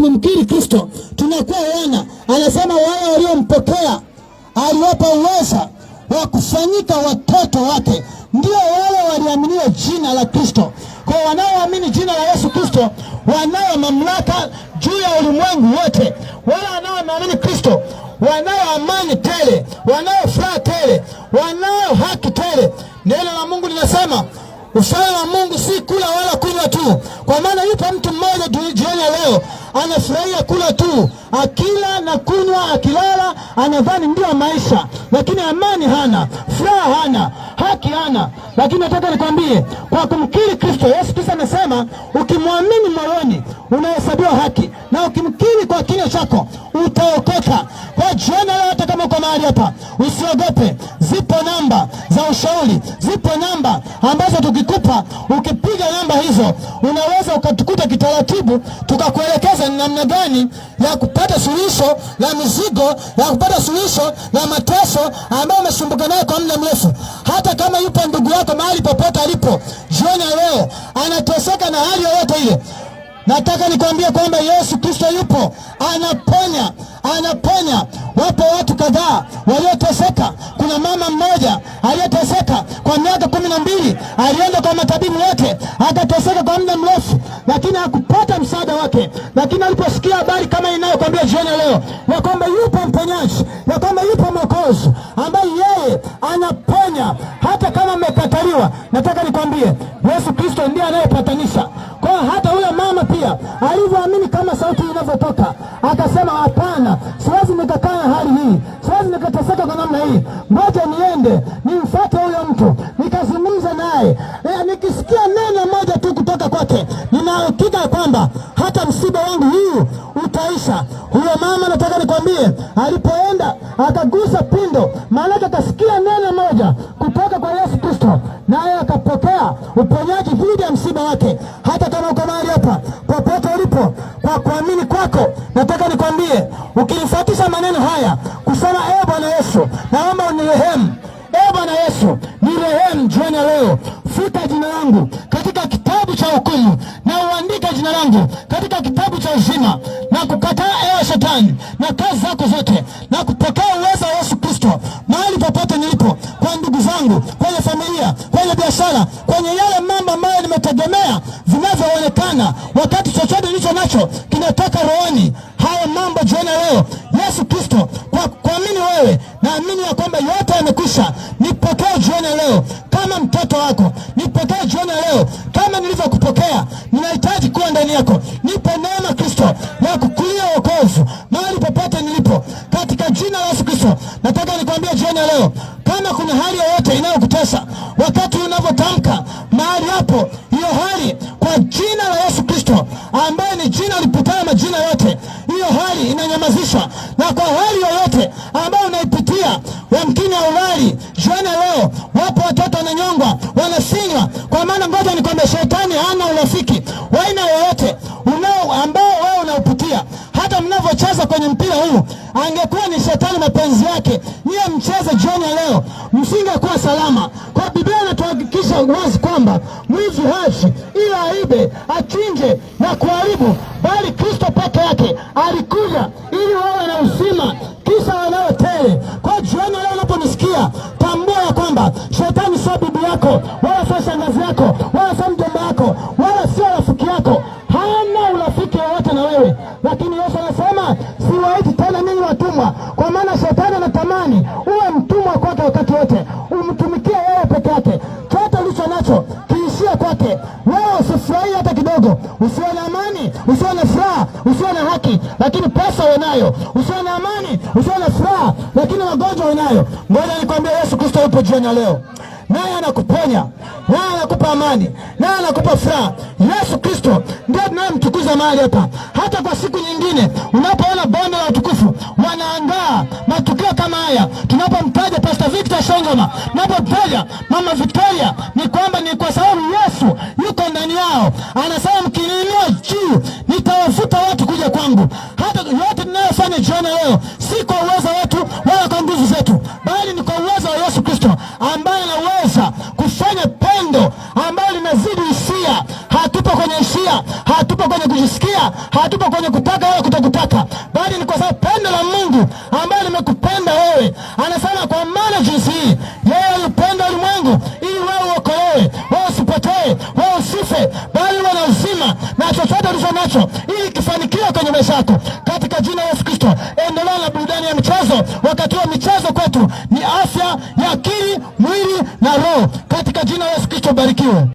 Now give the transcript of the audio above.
tumemkiri Kristo tunakuwa wana. Anasema wale waliompokea aliwapa uweza wa kufanyika watoto wake, ndio wale waliaminiwa jina la Kristo. Kwa wanaoamini jina la Yesu Kristo wanayo mamlaka juu ya ulimwengu wote. Wale wanaoamini Kristo wanayo amani tele, wanayo furaha tele, wanayo haki tele. Neno la Mungu linasema Ufalme wa Mungu si kula wala kunywa tu, kwa maana yupo mtu mmoja jioni ya leo anafurahia kula tu, akila na kunywa, akilala anadhani ndio maisha, lakini amani hana, furaha hana, haki hana. Lakini nataka nikwambie kwa kumkiri Kristo Yesu, Kristo anasema ukimwamini moyoni unahesabiwa haki, na ukimkiri kwa kinywa chako utaokoka. Kwa jioni leo, hata kama uko mahali hapa, usiogope zipo namba za ushauri, zipo namba ambazo tukikupa, ukipiga namba hizo unaweza ukatukuta kitaratibu, tukakuelekeza ni namna gani ya kupata suluhisho la mizigo, ya kupata suluhisho la mateso ambayo umesumbuka nayo kwa muda mrefu. Hata kama yupo ndugu yako mahali popote alipo, jioni leo anateseka na hali yoyote ile Nataka nikwambie kwamba Yesu Kristo yupo, anaponya, anaponya. Wapo watu kadhaa walioteseka. Kuna mama mmoja aliyeteseka kwa miaka kumi na mbili, alienda kwa matabibu wote, akateseka kwa muda mrefu, lakini hakupata msaada wake. Lakini aliposikia habari kama inayokwambia jioni leo ya kwamba yupo mponyaji, ya kwamba yupo Mwokozi ambaye yeye anaponya hata kama amekataliwa, nataka nikwambie Yesu Kristo ndiye anayepatanisha kwa hata Mtume pia alivyoamini kama sauti inavyotoka, akasema hapana, siwezi nikakaa hali hii, siwezi nikateseka kwa namna hii, ngoja niende nimfuate huyo mtu nikazungumza naye. E, nikisikia neno moja tu kutoka kwake, nina kwamba hata msiba wangu huu itaisha. Huyo mama nataka nikwambie, alipoenda akagusa pindo, maanake akasikia neno moja kutoka kwa Yesu Kristo, naye akapokea uponyaji dhidi ya msiba wake. Hata kama uko mahali hapa, popote ulipo, kwa kuamini kwako, nataka nikwambie, ukinifuatisha maneno haya kusema, ee Bwana Yesu, naomba unirehemu. Ee Bwana Yesu, nirehemu jioni ya leo futa jina langu katika kitabu cha hukumu na uandike jina langu katika kitabu cha uzima, na kukataa ewe Shetani na kazi zako zote, na kupokea uwezo wa Yesu Kristo mahali popote nilipo, kwa ndugu zangu, kwenye familia, kwenye biashara, kwenye yale mambo ambayo nimetegemea vinavyoonekana, wakati chochote nilicho nacho kinatoka rohoni. Hayo mambo jiona leo Yesu Kristo, kwa kuamini wewe, naamini ya kwamba yote yamekwisha. Nipokee jiona leo kama mtoto wako. Nipokee jioni leo kama nilivyokupokea, ninahitaji kuwa ndani yako. Nipe neema Kristo na kukulia wokovu mahali popote nilipo, katika jina la Yesu Kristo. Nataka nikwambie jioni leo, kama kuna hali yoyote inayokutesa wakati unavyotamka mahali hapo, hiyo hali kwa jina la Yesu Kristo ambaye ni jina lipitayo majina yote, hiyo hali inanyamazishwa na kwa hali yoyote ambayo wamkini haulali. Jioni leo wapo watoto wananyongwa, wanasinywa. Kwa maana ngoja kwamba shetani hana urafiki wa aina yoyote unao ambao wewe unaupitia. Hata mnavyocheza kwenye mpira huu, angekuwa ni shetani mapenzi yake, niye mcheze jioni leo, msingekuwa salama. Kwa Biblia inatuhakikisha wazi kwamba mwizi hashi ila aibe, achinje na kuharibu. Shetani sio bibi yako, wala sio shangazi yako, wala sio mjomba wako, wala sio rafiki yako. Hana urafiki wowote na wewe, lakini Yesu anasema siwaiti tena ninyi watumwa, kwa maana shetani anatamani uwe mtumwa kwake wakati wote. usiwe na amani, usiwe na furaha, usiwe na haki, lakini pesa unayo. Usiwe na amani, usiwe na furaha, lakini magonjwa unayo. Ngoja nikwambie, Yesu Kristo yupo jioni ya leo, naye anakuponya naye anakupa amani naye anakupa furaha. Yesu Kristo ndiye tunayemtukuza mahali hapa. Hata kwa siku nyingine unapoona bonde la utukufu wanaandaa matukio kama haya, tunapomtaja Pastor Victor Shongoma, tunapomtaja Mama Victoria, ni kwamba ni kwa sababu Yesu yuko ndani yao. Anasema mkiniinua juu nitawavuta watu kuja kwangu. Hata yote tunayofanya jioni leo si kwa uwezo wetu wala kwa nguvu zetu, bali ni kwa uwezo wa Yesu Kristo ambaye anaweza kwenye pendo ambalo linazidi hisia. Hatupo kwenye hisia, hatupo kwenye kujisikia, hatupo kwenye kutaka wewe kutokutaka, bali ni kwa sababu pendo la Mungu ambaye limekupenda wewe. Anasema kwa maana jinsi hii yeye alipenda ulimwengu ili wewe uokolewe, wewe usipotee, wewe usife, bali uwe na uzima, na chochote ulicho nacho ili kifanikiwe kwenye maisha yako burudani ya michezo. Wakati wa michezo kwetu ni afya ya akili, mwili na roho. Katika jina la Yesu Kristo, barikiwe.